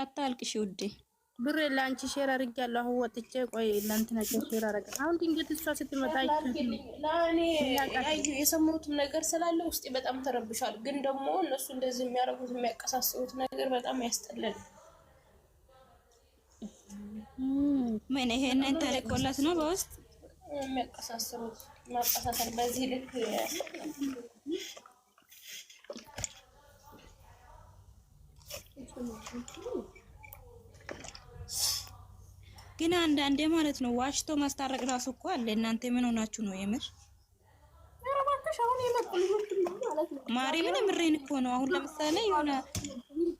አታልቅሽ ውዴ። ብሬ ለአንቺ ሼር አድርጊያለሁ። አሁን ወጥቼ ቆይ ለእንትና ሼር አረገ። አሁን ድንገት እሷ ስትመጣ የሰሙትም ነገር ስላለ ውስጤ በጣም ተረብሻል። ግን ደግሞ እነሱ እንደዚህ የሚያደርጉት የሚያቀሳስቡት ነገር በጣም ያስጠላል። ምን ይሄንን ተልኮላት ነው በውስጥ የሚያቀሳስሩት ማቀሳሰል በዚህ ልክ ግን አንዳንዴ ማለት ነው ዋሽቶ ማስታረቅ ራሱ እኮ አለ። እናንተ ምን ሆናችሁ ነው? የምር ማሪ ምን የምሬን እኮ ነው። አሁን ለምሳሌ የሆነ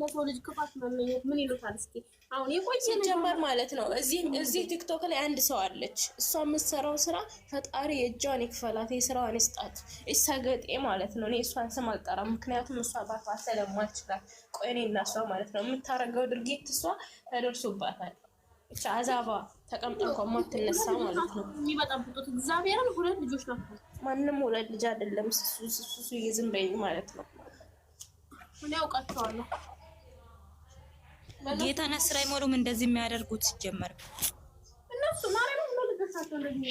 ለሰው ልጅ ክፋት መመኘት ምን ይሉታል? እስኪ አሁን የቆየ ጀመር ማለት ነው። እዚህ እዚህ ቲክቶክ ላይ አንድ ሰው አለች። እሷ የምትሰራው ስራ ፈጣሪ የእጇን ይክፈላት፣ የስራዋን ይስጣት፣ ይሰገጤ ማለት ነው። እኔ እሷን ስም አልጠራም፣ ምክንያቱም እሷ ባቷ ስለማትችላት። ቆይ እኔ እና እሷ ማለት ነው የምታደርገው ድርጊት እሷ ተደርሶባታል። ብቻ አዛባ ተቀምጣ እንኳን ማትነሳ ማለት ነው። የሚበጣብጡት እግዚአብሔርን ሁለት ልጆች ናቸው። ማንም ሁለት ልጅ አይደለም። ስሱ ስሱ ዝም በይኝ ማለት ነው። እኔ አውቃቸዋለሁ። ጌታና ስራ አይሞሉም እንደዚህ የሚያደርጉት ሲጀመር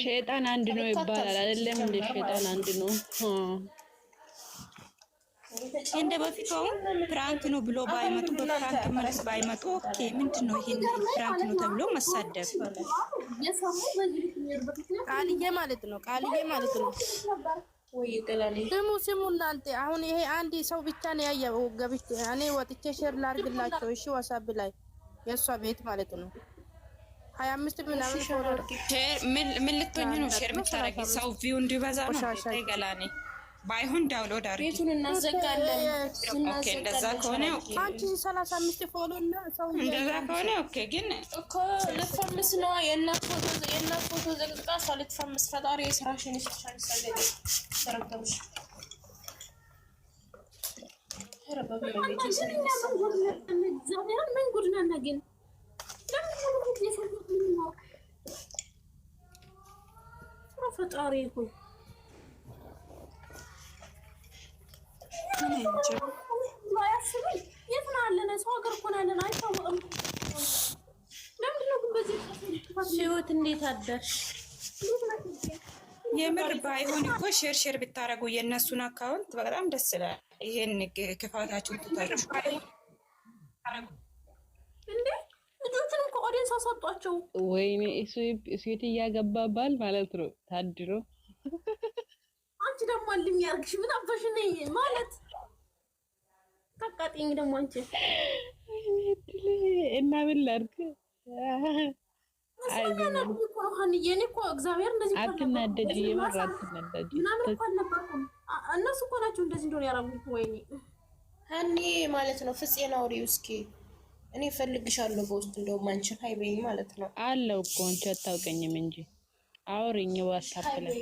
ሸይጣን አንድ ነው ይባላል አይደለም እንደ ሸይጣን አንድ ነው እንደ በፊቱ አሁን ፕራንክ ነው ብሎ ባይመጡ በፕራንክ መልስ ባይመጡ ኦኬ ምንድን ነው ይሄን ፕራንክ ነው ተብሎ መሳደብ ቃልዬ ማለት ነው ቃልዬ ማለት ነው ስሙ ስሙ እናንተ አሁን ይሄ አንድ ሰው ብቻ ነው ያየው። ገብቼ እኔ ወጥቼ ሼር ላርግላቸው። እሺ ዋሳብ ላይ የእሷ ቤት ማለት ነው ሀያ አምስት ምናምን ምን ልትሆኝ ነው ሼር የምታረጊ ሰው ቪው እንዲበዛ ነው ገላኔ ባይሆን ዳውንሎድ አድርጊ። ቤቱን እናዘጋለን። ኦኬ እንደዛ ከሆነ አንቺ አንቺን 35 ፎሎ እና ሰው እንደዛ ከሆነ ኦኬ። ግን እኮ ልትፈምስ ነው የእናት ፎቶ የእናት ፎቶ ዘግዝቃ እሷ ልትፈምስ። ፈጣሪ የስራሽን ይስጥሻል። ሰለደ ተረጋግሽ። ምን ጉድ ነን ግን ፈጣሪ ይሁን ያስብል የት ነው ሰው ሀገር እኮ ነው ያለን፣ አይታወቅም። ለምንድን ነው ግን በዚህ እንዴት አደርሽ? የምር ባይሆን እኮ ሼር ሼር ብታደርጉ የእነሱን አካውንት በጣም ደስ ይላል። ይሄን ክፋታችሁን ትታችሁ እንዴ እኮ አሳጧቸው። ወይኔ ሴት እያገባ ባል ማለት ነው ታድሮ። አንቺ ደግሞ ያርግሽ ምን አባሽ ነኝ ማለት ታቃጥኝ ደግሞ አንቺ እና ምን ላድርግ? አትናደጂ፣ የምር አትናደጂ። እነሱ እኮ ናቸው እንደዚህ እንደሆነ ያደረጉት። ወይኔ እኔ ማለት ነው ፍፄ ናውሪ እስኪ እኔ እፈልግሻለሁ በውስጥ እንደውም አንቺን ሀይ በይኝ ማለት ነው አለው እኮ አንቺ አታውቀኝም እንጂ አውሪኝ ዋትሳፕ ላይ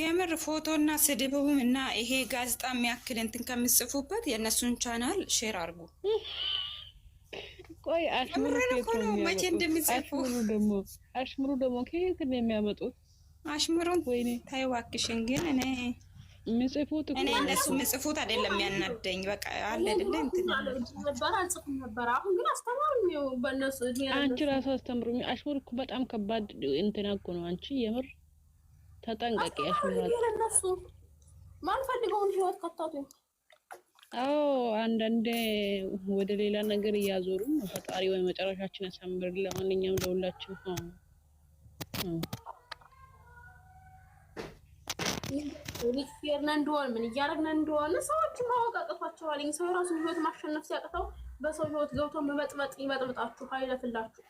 የምር ፎቶና ስድብም እና ይሄ ጋዜጣ የሚያክል እንትን ከምጽፉበት የእነሱን ቻናል ሼር አድርጉ። ቆይ መቼ እንደሚጽፉ ደግሞ ደግሞ ከየት ነው የሚያመጡት? አሽሙሩን ተይ እባክሽን። ግን እኔ ምጽፉት እኔ እነሱ ምጽፉት አይደለም ያናደኝ። በቃ አለ አይደለ ነበር አንጽፍም ነበር። አሁን ግን አስተማሩኝ በእነሱ። አንቺ ራሱ አስተምሩኝ። አሽምሩ እኮ በጣም ከባድ እንትን እኮ ነው። አንቺ የምር ተጠንቀቂ። ያሽለነሱ ማንፈልገውን ህይወት ከታቱኝ። አዎ አንዳንዴ ወደ ሌላ ነገር እያዞሩ ፈጣሪ ወይ መጨረሻችን ያሳምር። ለማንኛውም ለሁላችን ሪክፌርነ እንደሆን ምን እያደረግነ እንደሆነ ሰዎች ማወቅ አቅቷቸዋል። ሰው የራሱን ህይወት ማሸነፍ ሲያቅተው በሰው ህይወት ገብቶ መመጥመጥ ይመጥምጣችሁ፣ አይለፍላችሁ።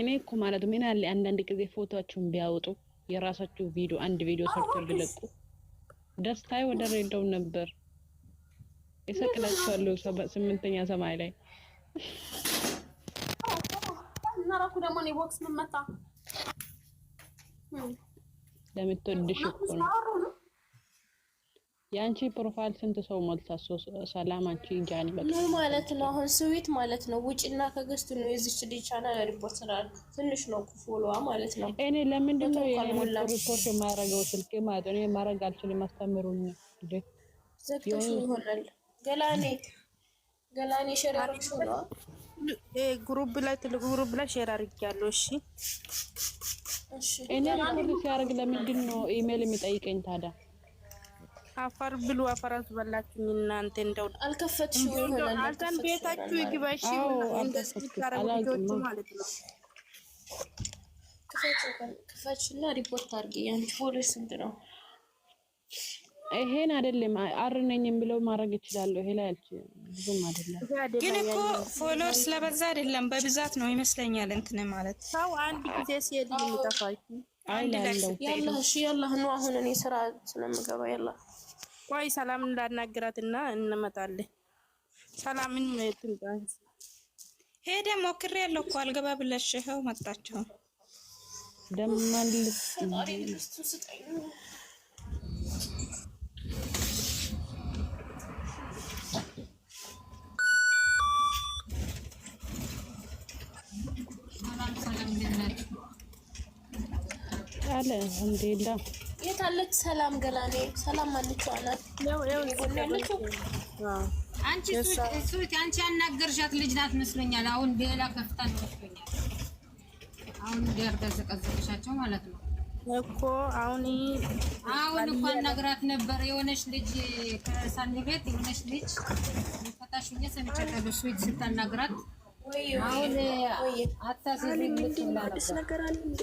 እኔ እኮ ማለት ምን አለ አንዳንድ ጊዜ ፎቶችሁን ቢያወጡ የራሳችሁ ቪዲዮ አንድ ቪዲዮ ሰርቶ ቢለቁ ደስታዬ ወደ ሬዳው ነበር። ይሰቅላችኋለሁ ስምንተኛ ሰማይ ላይ እራሱ ደግሞ እኔ ቦክስ ምመጣ ለምትወድሽ እኮ ነው የአንቺ ፕሮፋይል ስንት ሰው ሞልታ ሰላም አንቺ ጃኒ ምን ማለት ነው? አሁን ስዊት ማለት ነው ውጭና ከገስቱ ነው የዚች ልጅ ቻናል ሪፖርት ስላል ትንሽ ነው ክፎሏ ማለት ነው። እኔ ለምንድን ነው ሪፖርት የማያረገው? ስልክ ማለት ነው የማረግ አልችልም። አስተምሩኝ ዘግተሽ ይሆናል። ገላኔ ገላኔ ሸሪሮች ነው ጉሩብ ላይ ትልቁ ጉሩብ ላይ ሼር አድርጊያለሁ። እሺ እኔ ሪፖርት ሲያደርግ ለምንድን ነው ኢሜይል የሚጠይቀኝ ታዲያ? አፈር ብሉ፣ አፈር አስበላችሁ እናንተ። እንደው አልከፈትሽው ይሆናል አልታን ቤታችሁ ይግባሽ እንደዚህ ማለት ነው። ክፈችና ሪፖርት አድርጊ። ያንቺ ፎሎ ስንት ነው? ይሄን አይደለም አርነኝም ብለው ማድረግ ይችላሉ። ይሄ ላይ አልች ብዙም አይደለም፣ ግን እኮ ፎሎወር ስለበዛ አይደለም በብዛት ነው ይመስለኛል። እንትን ማለት ሰው አንድ ጊዜ ሲሄድ አይ ያላ ያላ ነው። አሁን እኔ ስራ ስለምገባ ያላ ቆይ ሰላም እንዳናግራት እና እንመጣለን። ሰላምን ትምጣት ሄደ ሞክሬ ያለው እኮ አልገባ ብለሽ ይኸው መጣቸው። ደማልስ አለ አልሐምዱሊላህ የታለች ሰላም ገላኔ? ሰላም አለች አናት ያለችው አንቺ ሱት አንቺ ያናገርሻት ልጅ ናት መስሎኛል። አሁን ሌላ ከፍታ መስሎኛል። አሁን ደርጋ ዘቀዘቀሻቸው ማለት ነው እኮ አሁን አሁን እኮ አናግራት ነበር። የሆነች ልጅ ከሳኒ ቤት የሆነች ልጅ ፈታሽኛ ሰምቻለሁ። ሱት ስታናግራት አሁን አታሴ ነገር አለ እንዴ?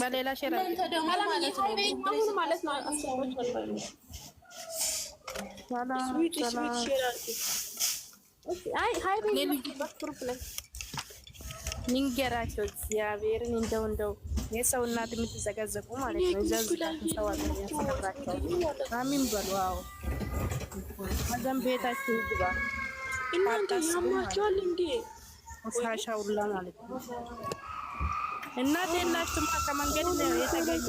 በሌላ ሼር ማለት ነው። ንገራቸው እግዚአብሔርን እንደው እንደው የሰው እናት የምትዘጋዘቁ ማለት ነው። አሚን በሉ። አዎ ቤታችሁ ግባ እናንተ ያማቸዋል እንዴ ውሳሻ ሁላ ማለት ነው እናት የላችሁም። ከመንገድ ነው የተገኙ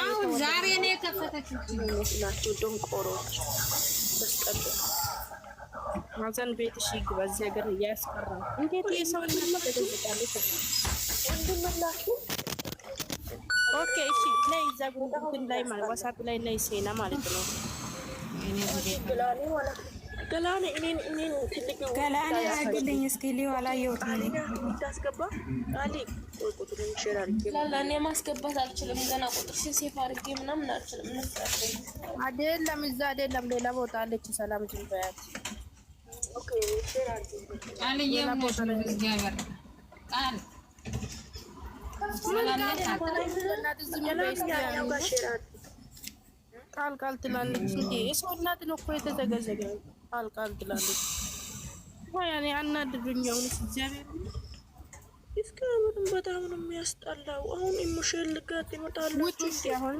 አሁን ዛሬ ነው የከፈተችው ይመስላችሁ ደንቆሮች። በስቀጥ ማዘን ቤት እሺ፣ በዚህ ሀገር እያስፈራ እንዴት የሰው እናት ኦኬ፣ እሺ፣ ላይ ዛጉን ላይ ማለት ወሳት ላይ ላይ ሴና ማለት ነው። ገላኔ እኔን እኔን አግልኝ እስኪ ሊው ማስገባት አልችልም። ገና ቁጥርሽን ሴፍ አድርጌ ምናምን አልችልም። አይደለም እዛ አይደለም ሌላ ቦታ አለች። ሰላም ቃል ቃል ትላለች የሰው እናት ነው እኮ የተዘገዘገ አልቃል ግላለች። ያኔ አናድዱኝ። አሁንስ እግዚአብሔር እስከ በጣም ነው የሚያስጠላው። አሁን ኢሞሽን ልጋት ይመጣሉ። አሁን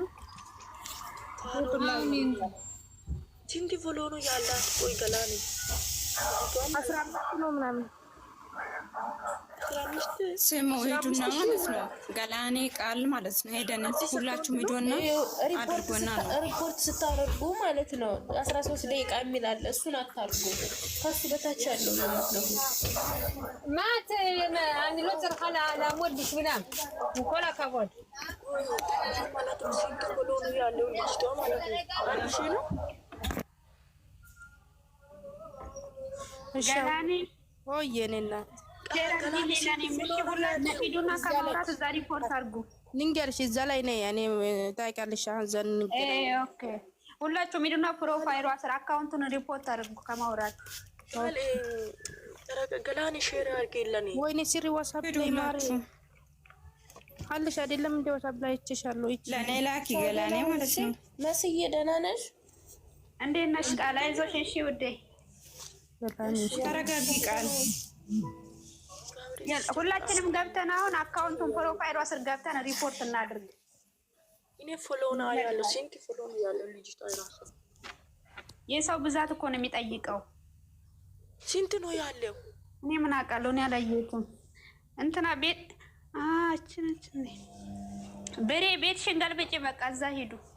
ስንት ፎሎ ነው ያላት? ቆይ ገላ ነው አስራ አምስት ነው ምናምን ስሙ ሂዱና ማለት ነው ገላኔ ቃል ማለት ነው። ሄደን ሁላችሁም ሂዶና አድርጎና ነው ሪፖርት ስታደርጉ ማለት ነው። አስራ ሶስት ደቂቃ የሚል አለ። እሱን አታርጉ። ከሱ በታች ያለው ማለት ነው ማት አንሎትር ከላ ላሞድሽ ብላ ኮላ ከቦድ ገላኔ የኔ እናት ልንገርሽ እዛ ላይ ነይ እኔ ታውቂያለሽ። አዘን ሁላችሁም ሂዱና ፕሮፋይሏ ስራ አካውንቱን ሪፖርት አድርጉ። ከማውራት ወይኔ ሲሪ ዋሳብ ላይ ማር አለሽ አይደለም? እንደ ዋሳብ ላይ ይችሻለሁ። ለእኔ ላኪ ገላኔ ማለት ነው። መስዬ ደህና ነሽ? እንዴት ነሽ? ቃል አይዞሽ። እሺ ውዴ ተረጋጊ ቃል ሁላችንም ገብተን አሁን አካውንቱን ፕሮፋይሏ ስር ገብተን ሪፖርት እናድርግ። እኔ ነው ያለው ስንት ፎሎ ያለው ልጅቷ ራሱ የሰው ብዛት እኮ ነው የሚጠይቀው። ሲንት ነው ያለው? እኔ ምን አውቃለሁ? እኔ አላየሁትም። እንትና ቤት አችን ቤት ሽንገል ብጭ በቃ እዛ ሄዱ።